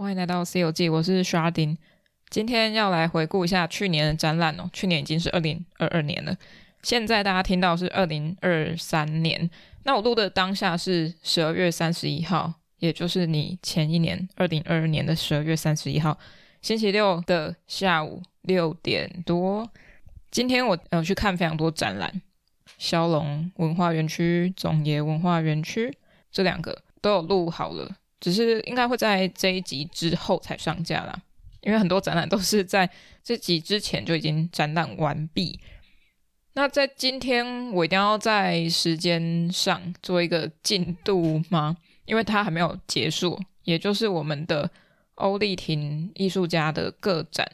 歡迎來到《Ｃ 遊記》，我是 Chardin，今天要來回顧一下去年的展覽哦。去年已經是二零二二年了，現在大家聽到是二零二三年。那我錄的當下是十二月三十一號，也就是你前一年二零二二年的十二月三十一號，星期六的下午六點多。今天我有去看非常多展覽，蕭壠文化園區、總爺文化園區這兩個都有錄好了。只是應該會在這一集之後才上架啦，因為很多展覽都是在這一集之前就已經展覽完畢。那在今天，我一定要在時間上做一個進度嗎？因為它還沒有結束，也就是我們的歐立婷藝術家的個展，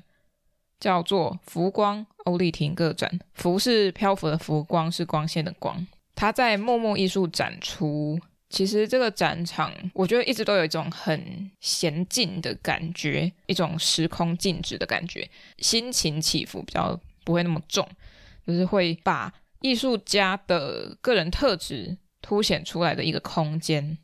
叫做《浮光》歐立婷個展。浮是漂浮的浮，光是光線的光。它在木木藝術展出。其實這個展場，我覺得一直都有一種很嫻靜的感覺，一種時空靜止的感覺，心情起伏比較不會那麼重，就是會把藝術家的個人特質凸顯出來的一個空間。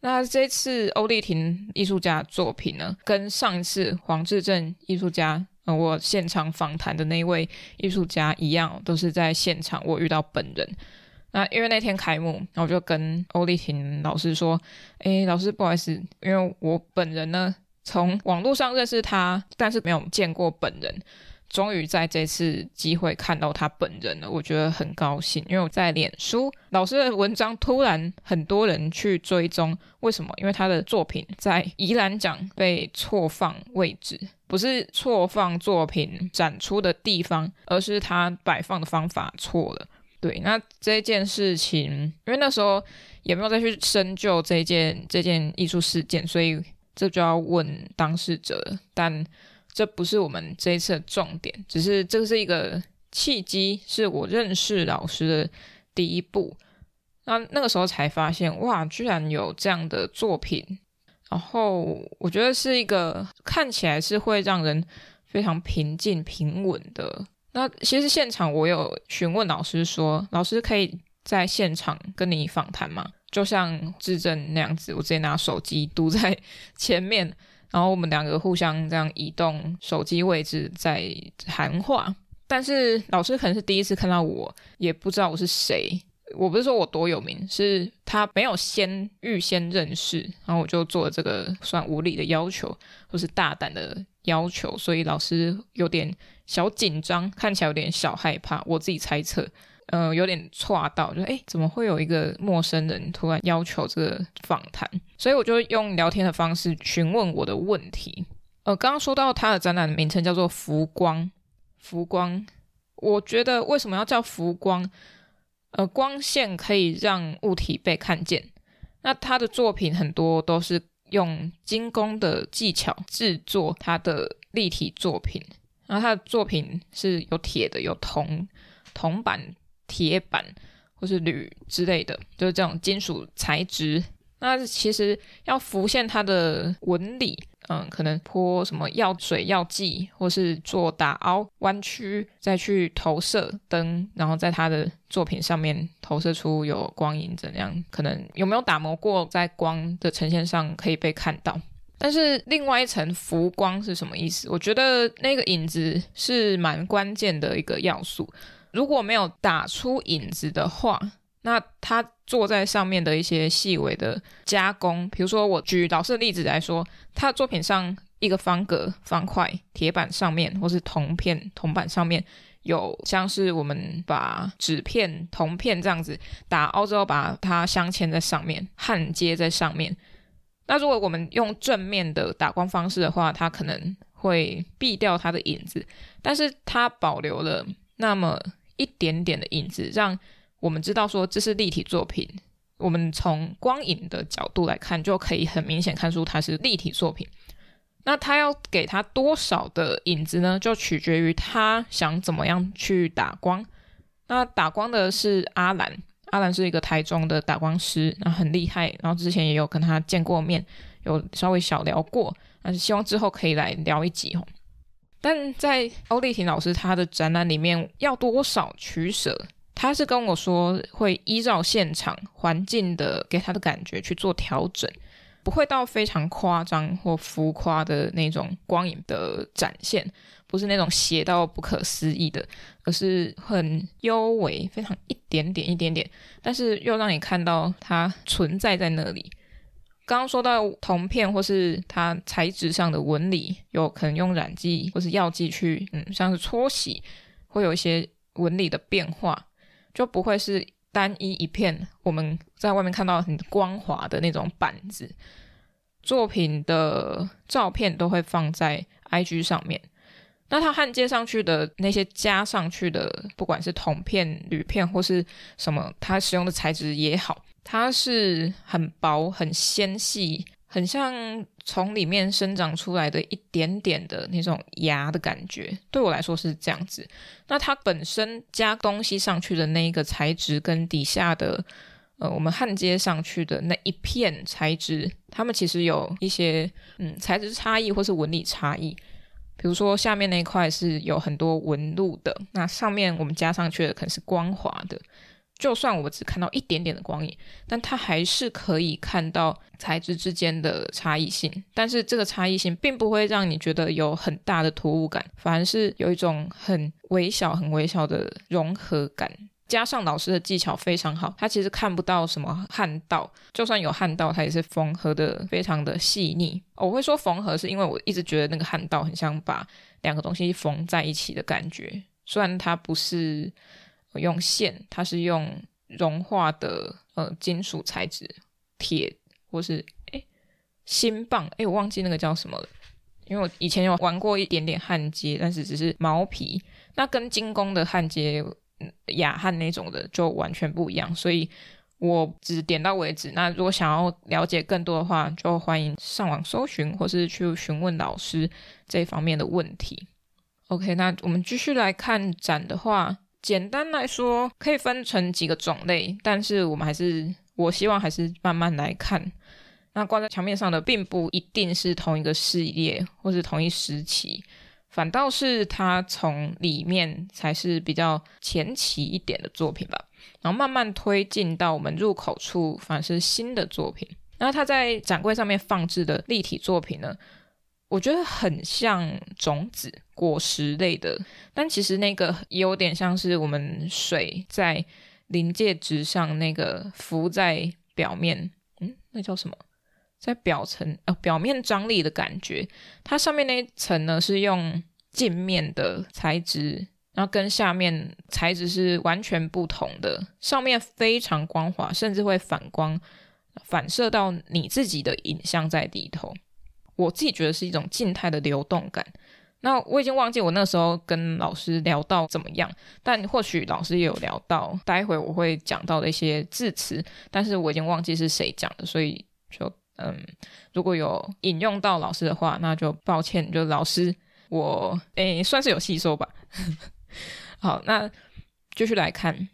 那這次歐立婷藝術家的作品呢，跟上一次黃志正藝術家，呃，我現場訪談的那一位藝術家一樣，都是在現場我遇到本人。那因為那天開幕，我就跟歐立婷老師說：“誒、欸，老師，不好意思，因為我本人呢，從網絡上認識他，但是沒有見過本人。終於在這次機會看到他本人了，我覺得很高興。因為我在臉書老師的文章突然很多人去追蹤，為什麼？因為他的作品在宜蘭獎被錯放位置，不是錯放作品展出的地方，而是他擺放的方法錯了。”對，那這件事情，因為那時候也沒有再去深究這件這件藝術事件，所以這就要問當事者。但這不是我們這一次的重點，只是這是一個契機，是我認識老師的第一步。那那個時候才發現，哇，居然有這樣的作品。然後我覺得是一個看起來是會讓人非常平靜、平穩的。那其實現場我有詢問老師說，老師可以在現場跟你訪談嗎？就像質證那樣子，我直接拿手機堵在前面，然後我們兩個互相這樣移動手機位置在談話。但是老師可能是第一次看到我，也不知道我是誰。我不是說我多有名，是他沒有先預先認識，然後我就做了這個算無理的要求，或是大膽的要求，所以老師有點小緊張，看起來有點小害怕。我自己猜測，嗯、呃，有點錯到，就哎，怎麼會有一個陌生人突然要求這個訪談？所以我就用聊天的方式詢問我的問題。呃，剛剛說到他的展覽名稱叫做《浮光》，浮光，我覺得為什麼要叫浮光？呃，光線可以讓物體被看見。那他的作品很多都是用金工的技巧製作他的立體作品。然後他的作品是有鐵的、有銅、銅板、鐵板或是鋁之類的，就是這種金屬材質。那其實要浮現它的紋理。嗯，可能潑什麼藥水、藥劑，或是做打凹、彎曲，再去投射燈，然後在他的作品上面投射出有光影，怎樣？可能有沒有打磨過，在光的呈現上可以被看到。但是另外一層浮光是什麼意思？我覺得那個影子是蠻關鍵的一個要素。如果沒有打出影子的話，那他做在上面的一些細微的加工，比如說我舉老師的例子來說，他作品上一個方格方塊鐵板上面，或是銅片銅板上面，有像是我們把紙片銅片這樣子打凹之後，把它鑲嵌在上面，焊接在上面。那如果我們用正面的打光方式的話，它可能會避掉它的影子，但是它保留了那麼一點點的影子，讓我們知道說這是立體作品，我們從光影的角度來看，就可以很明顯看出它是立體作品。那他要給他多少的影子呢？就取決於他想怎麼樣去打光。那打光的是阿蘭，阿蘭是一個台中的打光師，那很厲害，然後之前也有跟他見過面，有稍微小聊過，但是希望之後可以來聊一集。但在歐立婷老師他的展覽裡面，要多少取舍？他是跟我說會依照現場環境的給他的感覺去做調整，不會到非常誇張或浮誇的那種光影的展現，不是那種寫到不可思議的，而是很幽微，非常一點點一點點，但是又讓你看到它存在在那裡。剛剛說到銅片或是它材質上的紋理，有可能用染劑或是藥劑去，嗯，像是搓洗，會有一些紋理的變化。就不會是單一一片，我們在外面看到很光滑的那種板子，作品的照片都會放在 IG 上面。那它焊接上去的那些加上去的，不管是銅片、鋁片或是什麼，它使用的材質也好，它是很薄、很纖細。很像從裡面生長出來的一點點的那種芽的感覺，對我來說是這樣子。那它本身加東西上去的那一個材質跟底下的，呃，我們焊接上去的那一片材質，它們其實有一些嗯材質差異或是紋理差異。比如說下面那一塊是有很多紋路的，那上面我們加上去的可能是光滑的。就算我只看到一點點的光影，但它還是可以看到材質之間的差異性。但是這個差異性並不會讓你覺得有很大的突兀感，反而是有一種很微小、很微小的融合感。加上老師的技巧非常好，他其實看不到什麼焊道，就算有焊道，它也是縫合得非常的細膩。哦，我會說縫合，是因為我一直覺得那個焊道很像把兩個東西縫在一起的感覺，雖然它不是。我用線，它是用融化的呃金屬材質，鐵或是哎鋅棒哎，我忘記那個叫什麼了。因為我以前有玩過一點點焊接，但是只是毛皮，那跟精工的焊接、氬焊那種的就完全不一樣。所以我只點到為止。那如果想要了解更多的話，就歡迎上網搜尋或是去詢問老師這方面的問題。OK，那我們繼續來看展的話。簡單來說，可以分成幾個種類，但是我們還是，我希望還是慢慢來看。那掛在牆面上的，並不一定是同一個系列或是同一時期，反倒是它從裡面才是比較前期一點的作品吧。然後慢慢推進到我們入口處，反而是新的作品。那它在展櫃上面放置的立體作品呢？我覺得很像種子、果實類的，但其實那個也有點像是我們水在臨界值上那個浮在表面，嗯，那叫什麼？在表層啊、哦，表面張力的感覺。它上面那一層呢，是用鏡面的材質，然後跟下面材質是完全不同的，上面非常光滑，甚至會反光，反射到你自己的影像在裡頭。我自己覺得是一種靜態的流動感。那我已經忘記我那時候跟老師聊到怎麼樣，但或許老師也有聊到，待會我會講到的一些字詞，但是我已經忘記是誰講的，所以就嗯，如果有引用到老師的話，那就抱歉，就老師，我誒算是有吸收吧。 好，那繼續來看。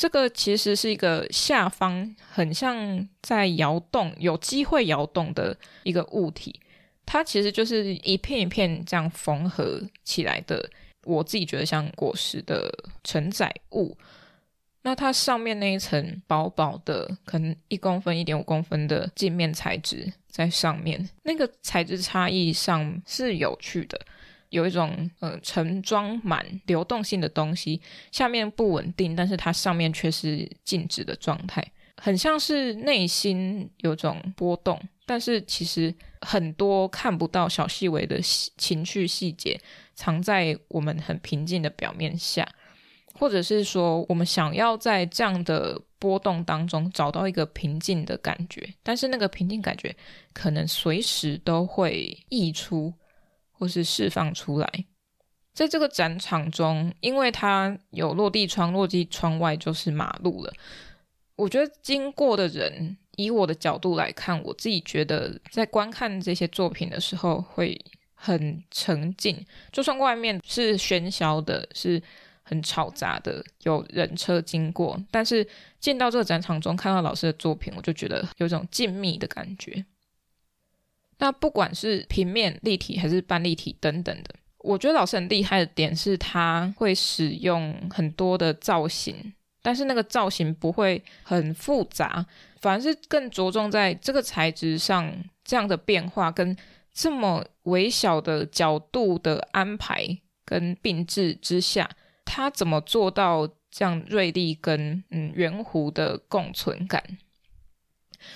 這個其實是一個下方很像在搖動、有機會搖動的一個物體，它其實就是一片一片這樣縫合起來的。我自己覺得像果實的承載物。那它上面那一層薄薄的，可能一公分、一點五公分的鏡面材質在上面，那個材質差異上是有趣的。有一種呃，盛裝滿流動性的東西，下面不穩定，但是它上面卻是靜止的狀態，很像是內心有種波動，但是其實很多看不到小細微的細情緒細節，藏在我們很平靜的表面下，或者是說我們想要在這樣的波動當中找到一個平靜的感覺，但是那個平靜感覺可能隨時都會溢出，或是釋放出來，在這個展場中，因為它有落地窗，落地窗外就是馬路了。我覺得經過的人，以我的角度來看，我自己覺得在觀看這些作品的時候會很沉浸，就算外面是喧囂的，是很嘈雜的，有人車經過，但是進到這個展場中，看到老師的作品，我就覺得有一種靜謐的感覺。那不管是平面、立體還是半立體等等的，我覺得老師很厲害的點是，他會使用很多的造型，但是那個造型不會很複雜，反而是更着重在這個材質上這樣的變化，跟這麼微小的角度的安排跟並置之下，他怎麼做到這樣銳利跟嗯圓弧的共存感？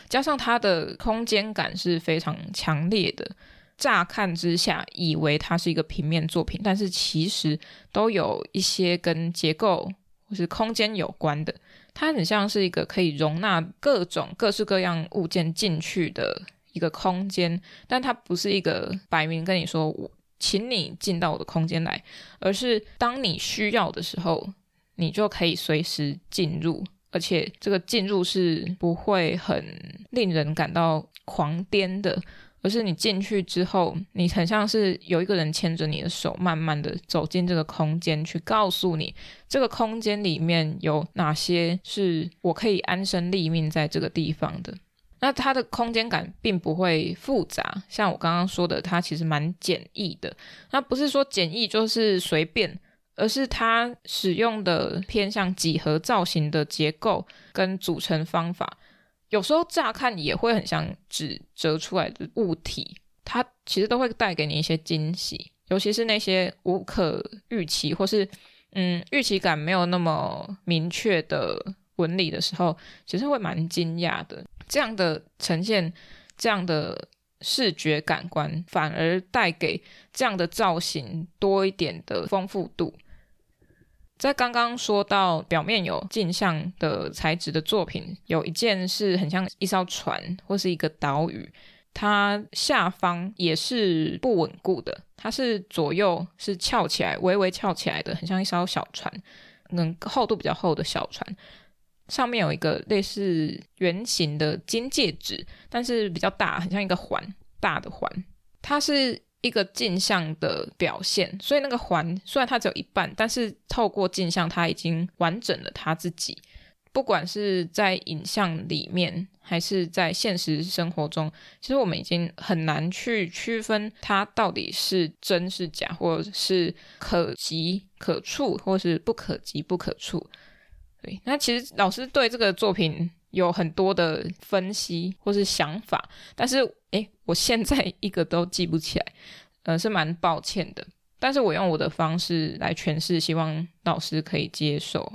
加上它的空間感是非常強烈的，乍看之下以為它是一個平面作品，但是其實都有一些跟結構或是空間有關的。它很像是一個可以容納各種各式各樣物件進去的一個空間，但它不是一個擺明跟你說“我，請你進到我的空間來”，而是當你需要的時候，你就可以隨時進入。而且這個進入是不會很令人感到狂顛的，而是你進去之後，你很像是有一個人牽着你的手，慢慢的走進這個空間，去告訴你這個空間裡面有哪些是我可以安身立命在這個地方的。那它的空間感並不會複雜，像我剛剛說的，它其實蠻簡易的。那不是說簡易就是隨便。而是它使用的偏向幾何造型的結構跟組成方法，有時候乍看也會很像紙折出來的物體，它其實都會帶給你一些驚喜，尤其是那些無可預期或是嗯預期感沒有那麼明確的紋理的時候，其實會蠻驚訝的。這樣的呈現，這樣的視覺感官，反而帶給這樣的造型多一點的豐富度。在剛剛說到表面有鏡像的材質的作品，有一件是很像一艘船，或是一個島嶼，它下方也是不穩固的，它是左右是翹起來，微微翹起來的，很像一艘小船，可能厚度比較厚的小船，上面有一個類似圓形的金戒指，但是比較大，很像一個環，大的環，它是。一個鏡像的表現，所以那個環雖然它只有一半，但是透過鏡像，它已經完整了它自己。不管是在影像裡面，還是在現實生活中，其實我們已經很難去區分它到底是真是假，或者是可及可觸，或是不可及不可觸。對，那其實老師對這個作品有很多的分析或是想法，但是。哎，我現在一個都記不起來，呃，是蠻抱歉的。但是我用我的方式來詮釋，希望老師可以接受。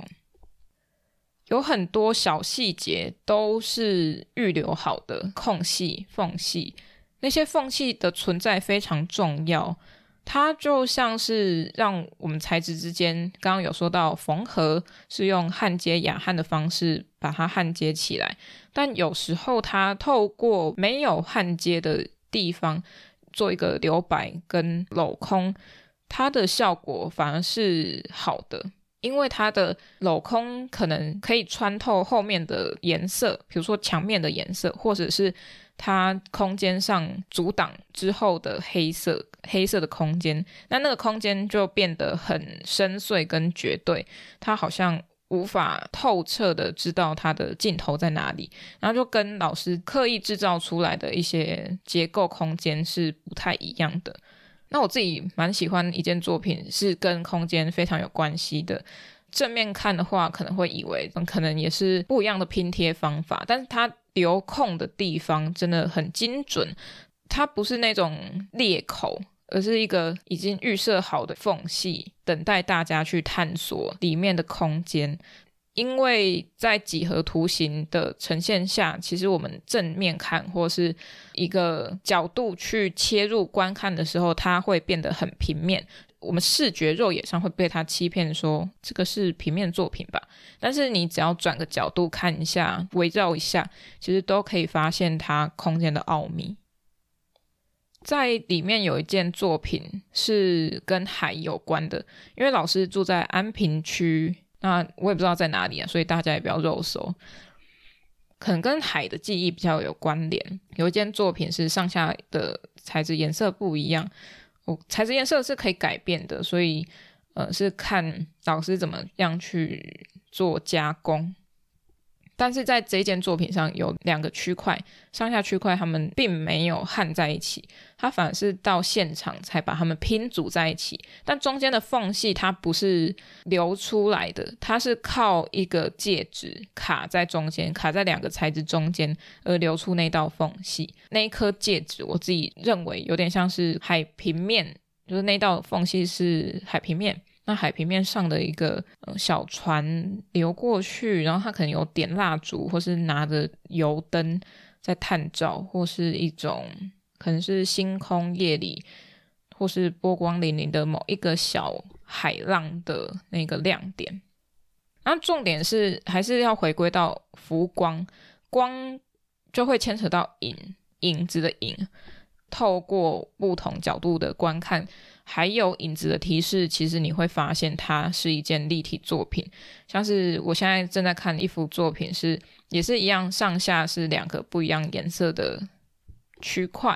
有很多小細節都是預留好的，空隙、縫隙，那些縫隙的存在非常重要。它就像是讓我們材質之間，剛剛有說到縫合是用焊接、氬焊的方式把它焊接起來，但有時候它透過沒有焊接的地方做一個留白跟鏤空，它的效果反而是好的，因為它的鏤空可能可以穿透後面的顏色，比如說牆面的顏色，或者是。它空間上阻擋之後的黑色，黑色的空間，那那個空間就變得很深邃跟絕對，它好像無法透徹的知道它的盡頭在哪裡，然後就跟老師刻意製造出來的一些結構空間是不太一樣的。那我自己蠻喜歡一件作品，是跟空間非常有關係的。正面看的話，可能會以為可能也是不一樣的拼貼方法，但是它留空的地方真的很精準，它不是那種裂口，而是一個已經預設好的縫隙，等待大家去探索裡面的空間。因為在幾何圖形的呈現下，其實我們正面看或是一個角度去切入觀看的時候，它會變得很平面。我們視覺肉眼上會被它欺騙說，說這個是平面作品吧？但是你只要轉個角度看一下，圍繞一下，其實都可以發現它空間的奧秘。在裡面有一件作品是跟海有關的，因為老師住在安平區，那我也不知道在哪裡啊，所以大家也不要肉搜。可能跟海的記憶比較有關聯，有一件作品是上下的材質顏色不一樣。哦、材質、顏色是可以改變的，所以，呃，是看老師怎麼樣去做加工。但是在這件作品上有兩個區塊，上下區塊他們並沒有焊在一起，他反而是到現場才把他們拼組在一起。但中間的縫隙它不是留出來的，它是靠一個戒指卡在中間，卡在兩個材質中間而留出那道縫隙。那一顆戒指我自己認為有點像是海平面，就是那道縫隙是海平面。那海平面上的一個小船流過去，然後它可能有點蠟燭，或是拿着油燈在探照，或是一種可能是星空夜裡，或是波光粼粼的某一個小海浪的那個亮點。那重點是還是要回歸到浮光，光就會牽扯到影，影子的影，透過不同角度的觀看，還有影子的提示，其實你會發現它是一件立體作品。像是我現在正在看一幅作品是，是也是一樣，上下是兩個不一樣顏色的區塊，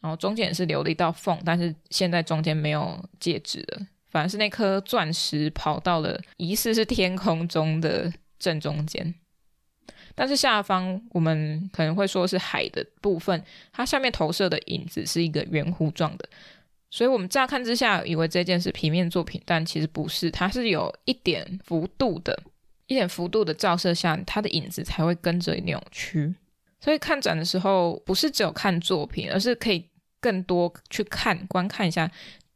然後中間也是留了一道縫，但是現在中間沒有戒指了，反而是那顆鑽石跑到了疑似是天空中的正中間。但是下方我們可能會說是海的部分，它下面投射的影子是一個圓弧狀的。所以我們乍看之下以為這件是平面作品，但其實不是，它是有一點幅度的，一點幅度的照射下，它的影子才會跟着扭曲。所以看展的時候，不是只有看作品，而是可以更多去看，觀看一下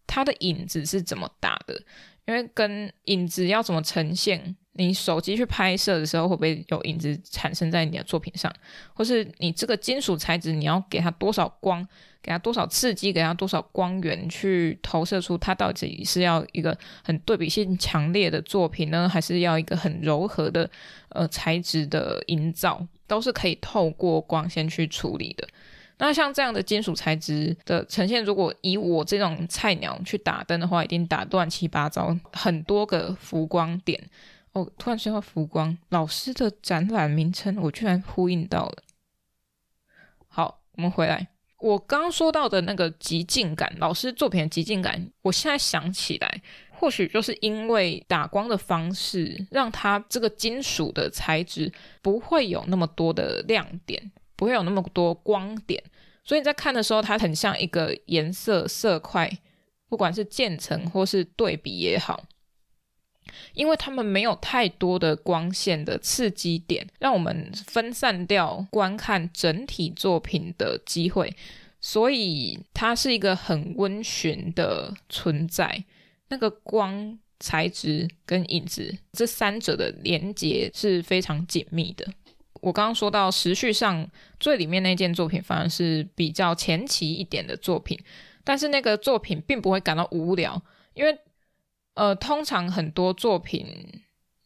它的影子是怎麼打的，因為跟影子要怎麼呈現。你手機去拍攝的時候，會不會有影子產生在你的作品上？或是你這個金屬材質，你要給它多少光，給它多少刺激，給它多少光源去投射出它到底是要一個很對比性強烈的作品呢，還是要一個很柔和的呃材質的營造？都是可以透過光線去處理的。那像這樣的金屬材質的呈現，如果以我這種菜鳥去打燈的話，一定打亂七八糟，很多個浮光點。哦，突然說到浮光老師的展覽名稱，我居然呼應到了。好，我們回來。我剛，剛說到的那個極靜感，老師作品的極靜感，我現在想起來，或許就是因為打光的方式，讓它這個金屬的材質不會有那麼多的亮點，不會有那麼多光點，所以你在看的時候，它很像一個顏色色塊，不管是漸層或是對比也好。因為他們沒有太多的光線的刺激點，讓我們分散掉觀看整體作品的機會，所以它是一個很溫馴的存在。那個光、材質跟影子這三者的連結是非常緊密的。我剛剛說到時序上最裡面那件作品，反而是比較前期一點的作品，但是那個作品並不會感到無聊，因為。呃，通常很多作品，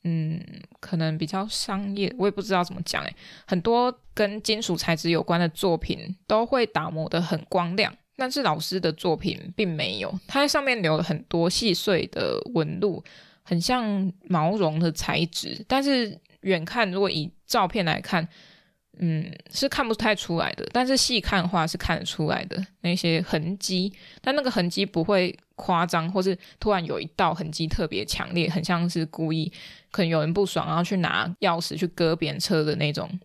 嗯，可能比較商業，我也不知道怎麼講誒，很多跟金屬材質有關的作品都會打磨得很光亮，但是老師的作品並沒有，它在上面留了很多細碎的紋路，很像毛絨的材質。但是遠看，如果以照片來看，嗯，是看不太出來的。但是細看的話是看得出來的那些痕跡，但那個痕跡不會。誇張，或是突然有一道痕跡特別強烈，很像是故意，可能有人不爽，然後去拿鑰匙去割別人車的那種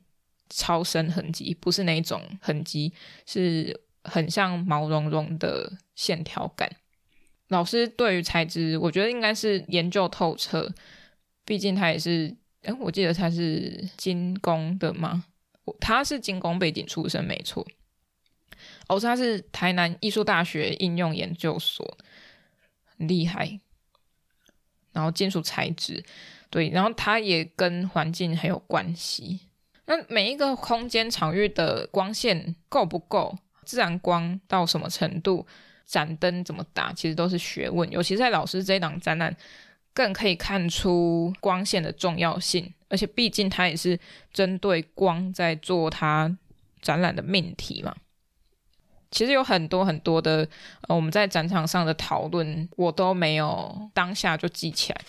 超深痕跡，不是那種痕跡，是很像毛茸茸的線條感。老師對於材質，我覺得應該是研究透徹，畢竟他也是，誒、欸、我記得他是金工的嗎？他是金工背景出身，沒錯。哦，他是台南藝術大學應用研究所。厲害，然後金屬材質，對，然後它也跟環境很有關係。那每一個空間場域的光線夠不夠，自然光到什麼程度，盞燈怎麼打，其實都是學問。尤其在老師這一檔展覽，更可以看出光線的重要性。而且畢竟它也是針對光在做它展覽的命題嘛。其實有很多很多的、呃，我們在展場上的討論，我都沒有當下就記起來，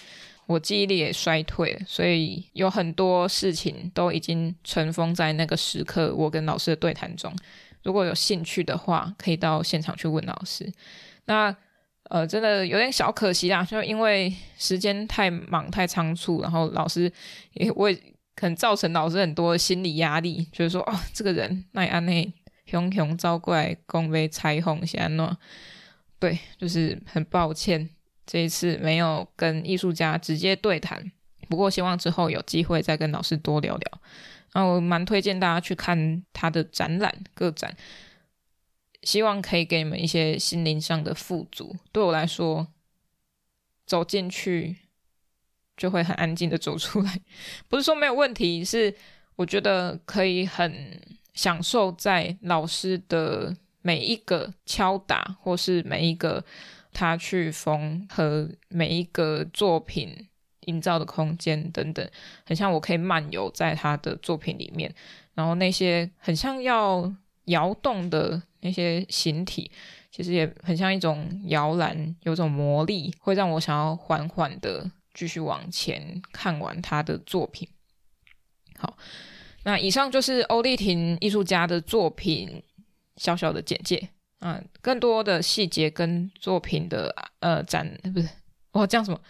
我記憶力也衰退了，所以有很多事情都已經塵封在那個時刻我跟老師的對談中。如果有興趣的話，可以到現場去問老師。那呃，真的有點小可惜啦，就因為時間太忙太倉促，然後老師也我也可能造成老師很多心理壓力，就是說哦，這個人那安那。熊熊招怪共為彩虹安弄，對，就是很抱歉，這一次沒有跟藝術家直接對談。不過希望之後有機會再跟老師多聊聊。那我蠻推薦大家去看他的展覽、個展，希望可以給你們一些心靈上的富足。對我來說，走進去就會很安靜的走出來，不是說沒有問題，是我覺得可以很。享受在老師的每一個敲打，或是每一個他去縫合每一個作品營造的空間等等，很像我可以漫遊在他的作品裡面。然後那些很像要搖動的那些形體，其實也很像一種搖籃，有一種魔力，會讓我想要緩緩的繼續往前看完他的作品。好。那以上就是歐立婷藝術家的作品小小的簡介啊、呃，更多的細節跟作品的呃展不是我、哦、講什麼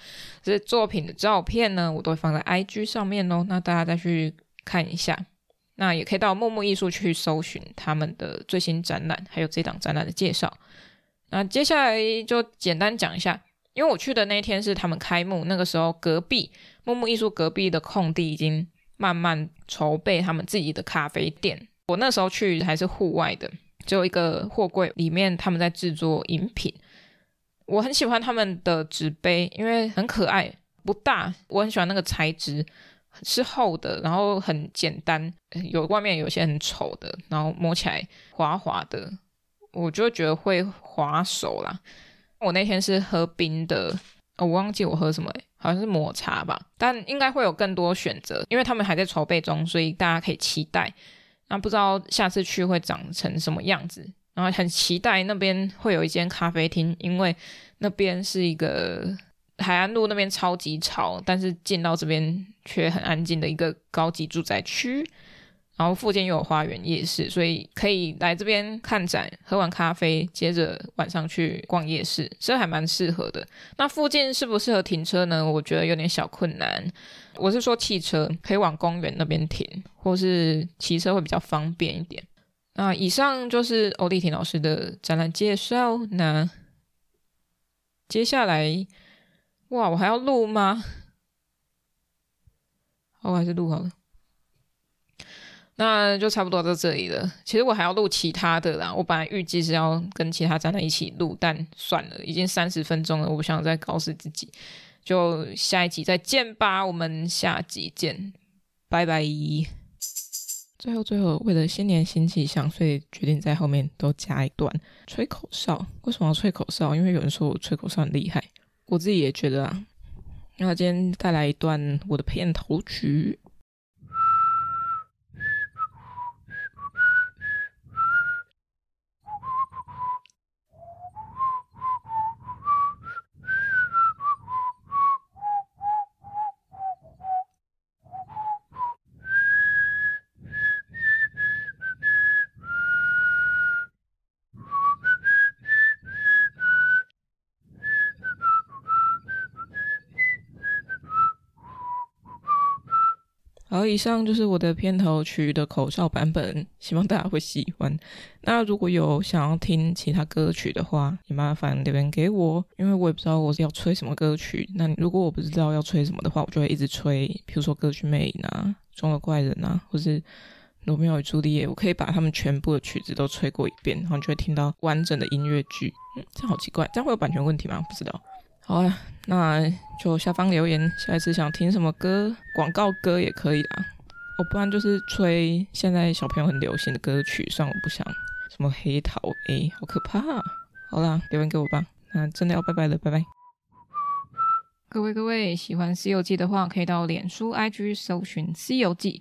是作品的照片呢，我都會放在 IG 上面哦。那大家再去看一下，那也可以到木木藝術去搜尋他們的最新展覽，還有這檔展覽的介紹。那接下來就簡單講一下，因為我去的那一天是他們開幕，那個時候隔壁木木藝術隔壁的空地已經。慢慢籌備他們自己的咖啡店。我那時候去還是戶外的，只有一個貨櫃裡面他們在制作飲品。我很喜歡他們的紙杯，因為很可愛，不大。我很喜歡那個材質，是厚的，然後很簡單。有外面有些很醜的，然後摸起來滑滑的，我就覺得會滑手啦。我那天是喝冰的，哦，我忘記我喝什麼。好像是抹茶吧，但應該會有更多選擇，因為他們還在籌備中，所以大家可以期待。那不知道下次去會長成什麼樣子，然後很期待那邊會有一間咖啡廳，因為那邊是一個海安路那邊超級吵，但是進到這邊卻很安靜的一個高級住宅區。然後附近又有花園夜市，所以可以來這邊看展，喝完咖啡，接着晚上去逛夜市，這還蠻適合的。那附近適不適合停車呢？我覺得有點小困難。我是說汽車可以往公園那邊停，或是騎車會比較方便一點。那以上就是歐立婷老師的展覽介紹。那接下來，哇，我還要錄嗎？哦，我還是錄好了。那就差不多到這裡了。其實我還要錄其他的啦，我本來預計是要跟其他站在一起錄，但算了，已經三十分鐘了，我不想再搞死自己，就下一集再見吧，我們下集見，拜拜。最後最後，為了新年新氣象，所以決定在後面都加一段吹口哨。為什麼要吹口哨？因為有人說我吹口哨很厲害，我自己也覺得啊。那今天帶來一段我的片頭曲。好，以上就是我的片頭曲的口哨版本，希望大家會喜歡。那如果有想要聽其他歌曲的話，也麻煩留言給我，因為我也不知道我是要吹什麼歌曲。那如果我不知道要吹什麼的話，我就會一直吹，比如說《歌劇魅影》啊，《中的怪人》啊，或是《羅密歐與朱麗葉》，我可以把他們全部的曲子都吹過一遍，然後就會聽到完整的音樂劇。嗯，這樣好奇怪，這樣會有版權問題嗎？不知道。好了，那就下方留言，下一次想聽什麼歌，廣告歌也可以啦。我不然就是吹現在小朋友很流行的歌曲，算我不想。什麼黑桃 A，好可怕啊。好啦，留言給我吧。那真的要拜拜了，拜拜。各位各位，喜歡《C 遊記》的話，可以到臉書、IG 搜尋《C 遊記》。